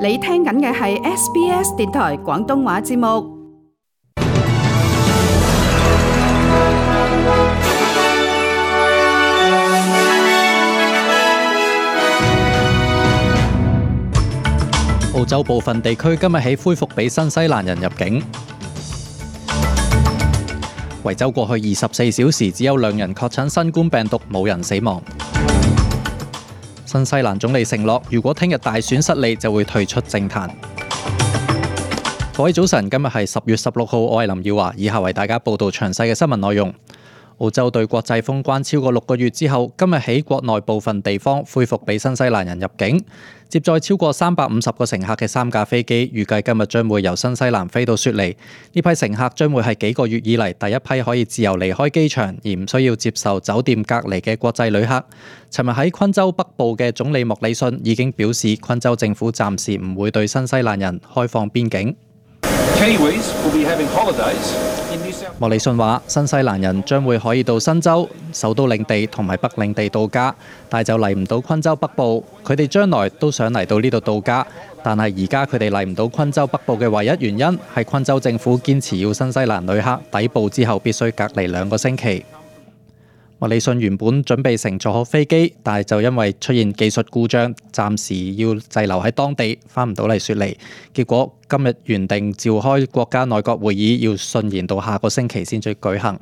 你聽緊嘅係 SBS 電台廣東話節目。澳洲部分地區今日起恢復俾新西蘭人入境。維州過去二十四小時只有兩人確診新冠病毒，冇人死亡。新西蘭總理承諾，如果聽日大選失利，就會退出政壇。各位早晨，今日係十月十六號，我係林耀華，以下為大家報導詳細嘅新聞內容。澳洲對國際封關超過六個月之後，今日起國內部分地方恢復俾新西蘭人入境。接載超過三百五十個乘客嘅三架飛機，預計今日將會由新西蘭飛到雪梨。呢批乘客將會係幾個月以嚟第一批可以自由離開機場而唔需要接受酒店隔離嘅國際旅客。尋日喺昆州北部嘅總理莫里遜已經表示，昆州政府暫時唔會對新西蘭人開放邊境。莫里遜話：新西蘭人將會可以到新州、首都領地同埋北領地度假，但就嚟唔到昆州北部。佢哋將來都想嚟到呢度度假，但係而家佢哋嚟唔到昆州北部嘅唯一原因係昆州政府堅持要新西蘭旅客抵埗之後必須隔離兩個星期。李信原本準備乘坐好飛機，但係就因為出現技術故障，暫時要滯留喺當地，返唔到嚟雪梨。結果今日原定召開國家內閣會議，要順延到下個星期先至舉行。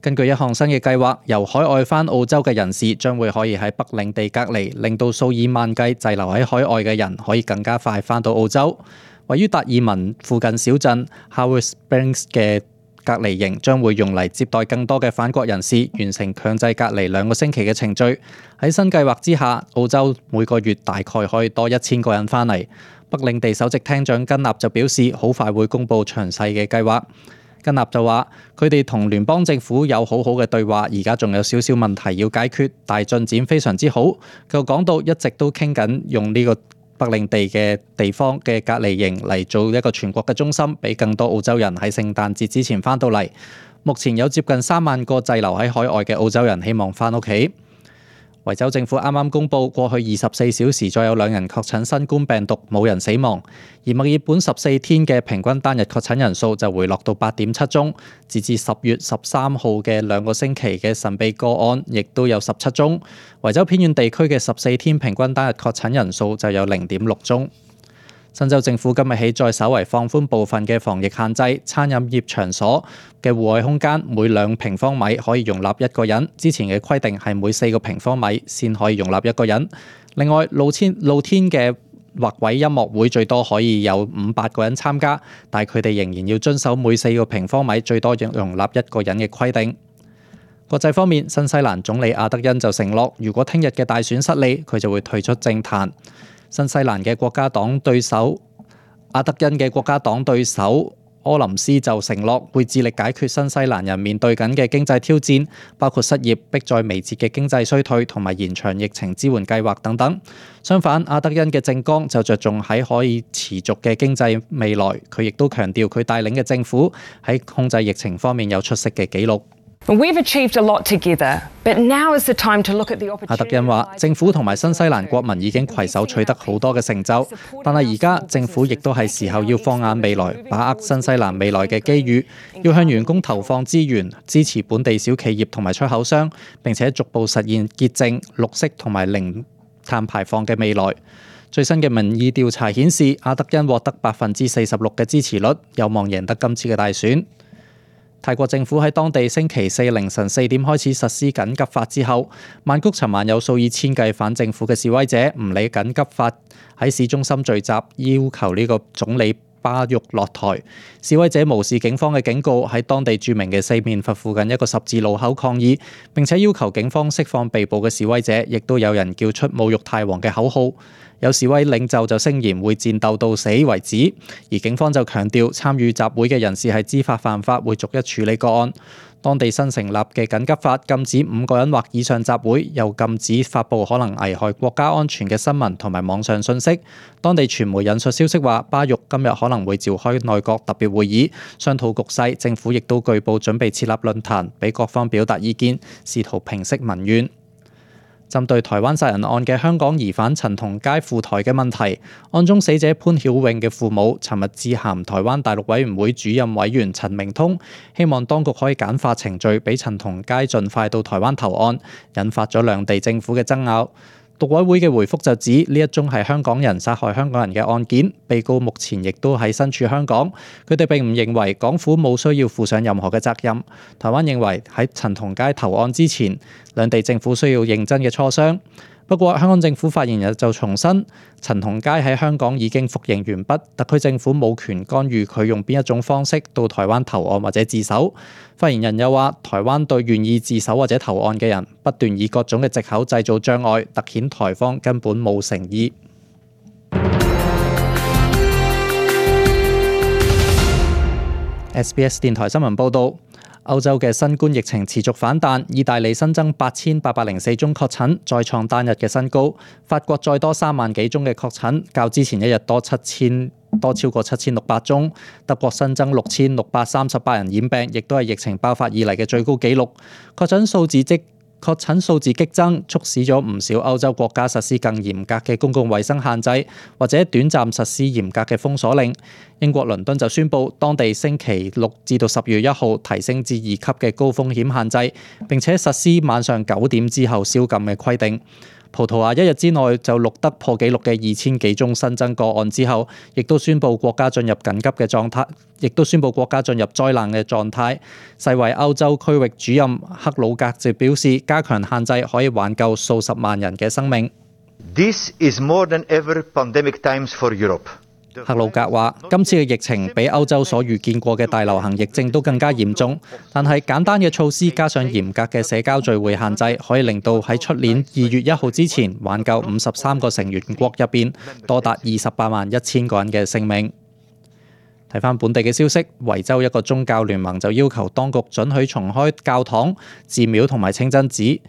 根據一項新嘅計劃，由海外返澳洲嘅人士將會可以喺北領地隔離，令到數以萬計滯留喺海外嘅人可以更加快返到澳洲。位於達爾文附近小鎮 Howard Springs 嘅。隔離營將會用嚟接待更多嘅反國人士，完成強制隔離兩個星期嘅程序。喺新計劃之下，澳洲每個月大概可以多一千個人返嚟。北領地首席廳長根納就表示，好快會公佈詳細嘅計劃。根納就話，佢哋同聯邦政府有好好嘅對話，而家仲有少少問題要解決，但進展非常之好。佢又講到，一直都傾緊用呢個。北領地嘅地方嘅隔離營嚟做一個全國嘅中心，俾更多澳洲人喺聖誕節之前翻到嚟。目前有接近三萬個滯留喺海外嘅澳洲人，希望翻屋企。維州政府啱啱公布，過去二十四小時再有兩人確診新冠病毒，冇人死亡。而墨爾本十四天嘅平均單日確診人數就回落到八點七宗，截至十月十三號嘅兩個星期嘅神秘個案，亦都有十七宗。維州偏遠地區嘅十四天平均單日確診人數就有零點六宗。新州政府今日起再稍為放寬部分嘅防疫限制，餐飲業場所嘅戶外空間每兩平方米可以容納一個人，之前嘅規定係每四個平方米先可以容納一個人。另外，露天露天嘅劃位音樂會最多可以有五百個人參加，但佢哋仍然要遵守每四個平方米最多容容納一個人嘅規定。國際方面，新西蘭總理阿德恩就承諾，如果聽日嘅大選失利，佢就會退出政壇。新西蘭嘅國家黨對手阿德恩嘅國家黨對手柯林斯就承諾會致力解決新西蘭人面對緊嘅經濟挑戰，包括失業、迫在眉睫嘅經濟衰退同埋延長疫情支援計劃等等。相反，阿德恩嘅政綱就着重喺可以持續嘅經濟未來。佢亦都強調，佢帶領嘅政府喺控制疫情方面有出色嘅記錄。We've achieved a lot together, but now is the time to look at the opportunity。阿德恩話：政府同埋新西蘭國民已經攜手取得好多嘅成就，但係而家政府亦都係時候要放眼未來，把握新西蘭未來嘅機遇，要向員工投放資源，支持本地小企業同埋出口商，並且逐步實現潔淨、綠色同埋零碳排放嘅未來。最新嘅民意調查顯示，阿德恩獲得百分之四十六嘅支持率，有望贏得今次嘅大選。泰國政府喺當地星期四凌晨四點開始實施緊急法之後，曼谷尋晚有數以千計反政府嘅示威者唔理緊急法，喺市中心聚集，要求呢個總理，巴育落台，示威者無視警方嘅警告，喺當地著名嘅四面佛附近一個十字路口抗議，並且要求警方釋放被捕嘅示威者，亦都有人叫出侮辱泰王嘅口號。有示威領袖就聲言會戰鬥到死為止，而警方就強調參與集會嘅人士係知法犯法，會逐一處理個案。當地新成立嘅緊急法禁止五個人或以上集會，又禁止發布可能危害國家安全嘅新聞同埋網上訊息。當地傳媒引述消息話，巴育今日可能會召開內閣特別會議，商討局勢，政府亦都據報準備設立論壇，俾各方表達意見，試圖平息民怨。針對台灣殺人案嘅香港疑犯陳同佳赴台嘅問題，案中死者潘曉穎嘅父母尋日致函台灣大陸委員會主任委員陳明通，希望當局可以簡化程序，俾陳同佳盡快到台灣投案，引發咗兩地政府嘅爭拗。讀委會嘅回覆就指呢一宗係香港人殺害香港人嘅案件，被告目前亦都喺身處香港，佢哋並唔認為港府冇需要負上任何嘅責任。台灣認為喺陳同佳投案之前，兩地政府需要認真嘅磋商。不過，香港政府發言人就重申，陳同佳喺香港已經服刑完畢，特區政府冇權干預佢用邊一種方式到台灣投案或者自首。發言人又話，台灣對願意自首或者投案嘅人，不斷以各種嘅藉口製造障礙，突顯台方根本冇誠意。 SBS 電台新聞報道。歐洲嘅新冠疫情持續反彈，意大利新增八千八百零四宗確診，再創單日嘅新高；法國再多三萬幾宗嘅確診，較之前一日多七千多超過七千六百宗；德國新增六千六百三十八人染病，亦都係疫情爆發以嚟嘅最高紀錄，確診數字即。確診數字激增，促使咗唔少歐洲國家實施更嚴格嘅公共衛生限制，或者短暫實施嚴格嘅封鎖令。英國倫敦就宣布，當地星期六至到十月一號提升至二級嘅高風險限制，並且實施晚上九點之後宵禁嘅規定。葡萄牙一日之內就錄得破紀錄嘅二千幾宗新增個案之後，亦都宣布國家進入緊急嘅狀態，亦都宣布國家進入災難嘅狀態。世衛歐洲區域主任克魯格就表示，加強限制可以挽救數十萬人嘅生命。This is more than ever 克魯格話：今次嘅疫情比歐洲所遇見過嘅大流行疫症都更加嚴重，但係簡單嘅措施加上嚴格嘅社交聚會限制，可以令到喺出年二月一號之前挽救五十三個成員國入邊多達二十八萬一千個人嘅性命。睇翻本地嘅消息，維州一個宗教聯盟就要求當局准許重開教堂、寺廟同埋清真寺。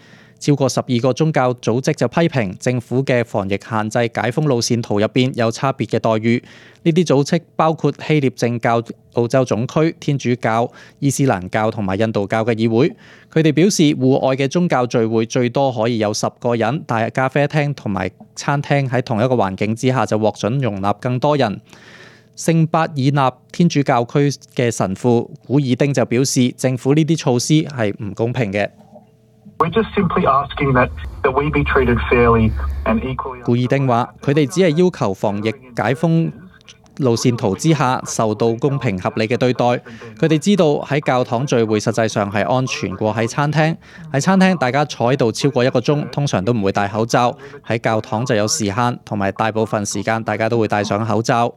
超過十二個宗教組織就批評政府嘅防疫限制解封路線圖入邊有差別嘅待遇。呢啲組織包括希臘正教澳洲總區、天主教、伊斯蘭教同埋印度教嘅議會。佢哋表示，戶外嘅宗教聚會最多可以有十個人，但係咖啡廳同埋餐廳喺同一個環境之下就獲准容納更多人。聖伯爾納天主教區嘅神父古爾丁就表示，政府呢啲措施係唔公平嘅。古爾丁話：佢哋只係要求防疫解封路線圖之下受到公平合理嘅對待。佢哋知道喺教堂聚會實際上係安全過喺餐廳。喺餐廳大家坐喺度超過一個鐘，通常都唔會戴口罩。喺教堂就有時限，同埋大部分時間大家都會戴上口罩。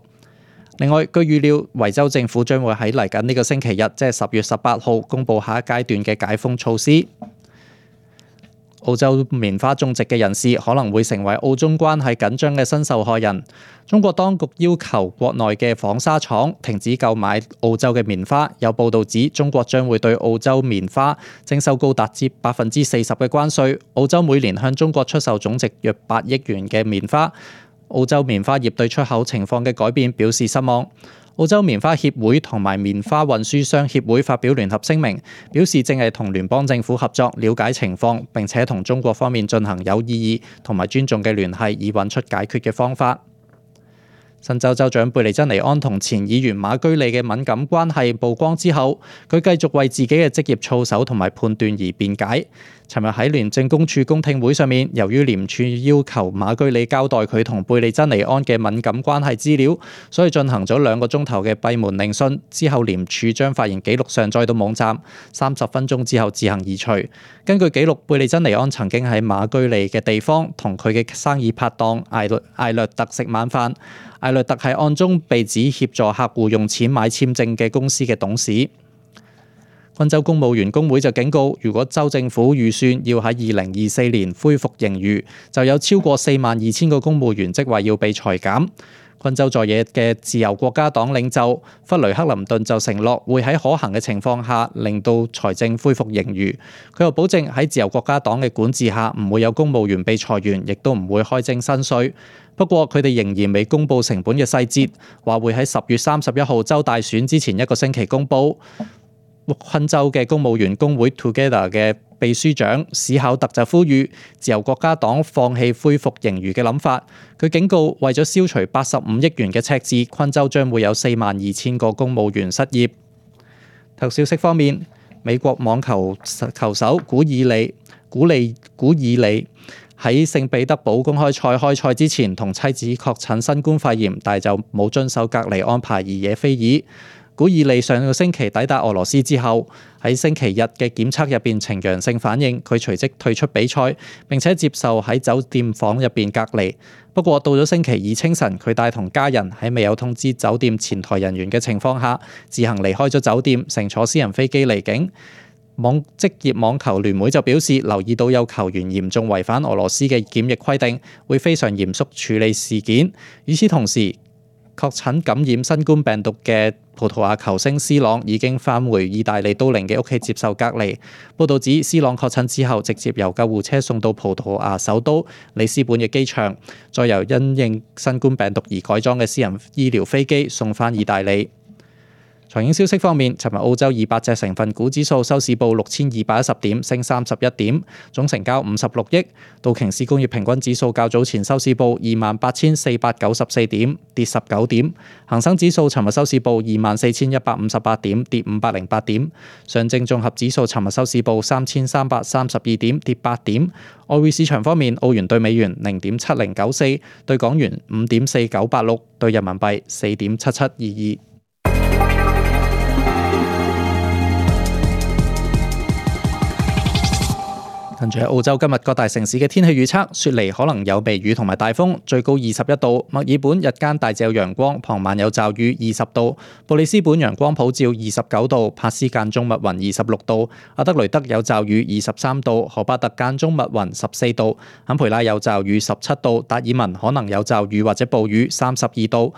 另外，據預料維州政府將會喺嚟緊呢個星期日，即係十月十八號，公佈下一階段嘅解封措施。澳洲棉花種植嘅人士可能會成為澳中關係緊張嘅新受害人。中國當局要求國內嘅紡紗廠停止購買澳洲嘅棉花。有報道指中國將會對澳洲棉花徵收高達至百分之四十嘅關稅。澳洲每年向中國出售總值約八億元嘅棉花。澳洲棉花業對出口情況嘅改變表示失望。澳洲棉花協會同埋棉花運輸商協會發表聯合聲明，表示正係同聯邦政府合作了解情況，並且同中國方面進行有意義同埋尊重嘅聯繫，以揾出解決嘅方法。新州州長貝利珍尼安同前議員馬居利嘅敏感關係曝光之後，佢繼續為自己嘅職業操守同埋判斷而辯解。尋日喺廉政公署公聽會上面，由於廉署要求馬居利交代佢同貝利珍尼安嘅敏感關係資料，所以進行咗兩個鐘頭嘅閉門聆訊。之後廉署將發言記錄上載到網站，三十分鐘之後自行移除。根據記錄，貝利珍尼安曾經喺馬居利嘅地方同佢嘅生意拍檔艾略艾略特食晚飯。艾略特係案中被指協助客戶用錢買簽證嘅公司嘅董事。昆州公務員工會就警告，如果州政府預算要喺二零二四年恢復盈餘，就有超過四萬二千個公務員職位要被裁減。昆州在野嘅自由國家黨領袖弗雷克林頓就承諾會喺可行嘅情況下，令到財政恢復盈餘。佢又保證喺自由國家黨嘅管治下，唔會有公務員被裁員，亦都唔會開徵新稅。不過佢哋仍然未公布成本嘅細節，話會喺十月三十一號州大選之前一個星期公佈。昆州嘅公務員工會 Together 嘅。秘書長史考特就呼籲自由國家黨放棄恢復盈餘嘅諗法，佢警告為咗消除八十五億元嘅赤字，昆州將會有四萬二千個公務員失業。頭條消息方面，美國網球球手古爾里古利古，古爾里喺聖彼得堡公開賽開賽之前，同妻子確診新冠肺炎，但係就冇遵守隔離安排而惹非議。古爾利上個星期抵達俄羅斯之後，喺星期日嘅檢測入邊呈陽性反應，佢隨即退出比賽，並且接受喺酒店房入邊隔離。不過到咗星期二清晨，佢帶同家人喺未有通知酒店前台人員嘅情況下，自行離開咗酒店，乘坐私人飛機離境。網職業網球聯會就表示留意到有球員嚴重違反俄羅斯嘅檢疫規定，會非常嚴肅處理事件。與此同時，確診感染新冠病毒嘅葡萄牙球星斯朗已經返回意大利都靈嘅屋企接受隔離。報道指斯朗確診之後，直接由救護車送到葡萄牙首都里斯本嘅機場，再由因應新冠病毒而改裝嘅私人醫療飛機送返意大利。財經消息方面，尋日澳洲二百隻成分股指數收市報六千二百一十點，升三十一點，總成交五十六億。道瓊斯工業平均指數較早前收市報二萬八千四百九十四點，跌十九點。恒生指數尋日收市報二萬四千一百五十八點，跌五百零八點。上證綜合指數尋日收市報三千三百三十二點，跌八點。外匯市場方面，澳元對美元零點七零九四，對港元五點四九八六，對人民幣四點七七二二。跟住喺澳洲今日各大城市嘅天氣預測，雪梨可能有微雨同埋大風，最高二十一度；墨爾本日間大致有陽光，傍晚有驟雨，二十度；布里斯本陽光普照，二十九度；帕斯間中密雲，二十六度；阿德雷德有驟雨，二十三度；荷巴特間中密雲，十四度；坎培拉有驟雨，十七度；達爾文可能有驟雨或者暴雨，三十二度。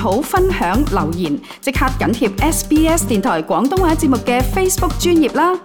好分享留言，即刻緊貼 SBS 電台廣東話節目嘅 Facebook 專頁啦！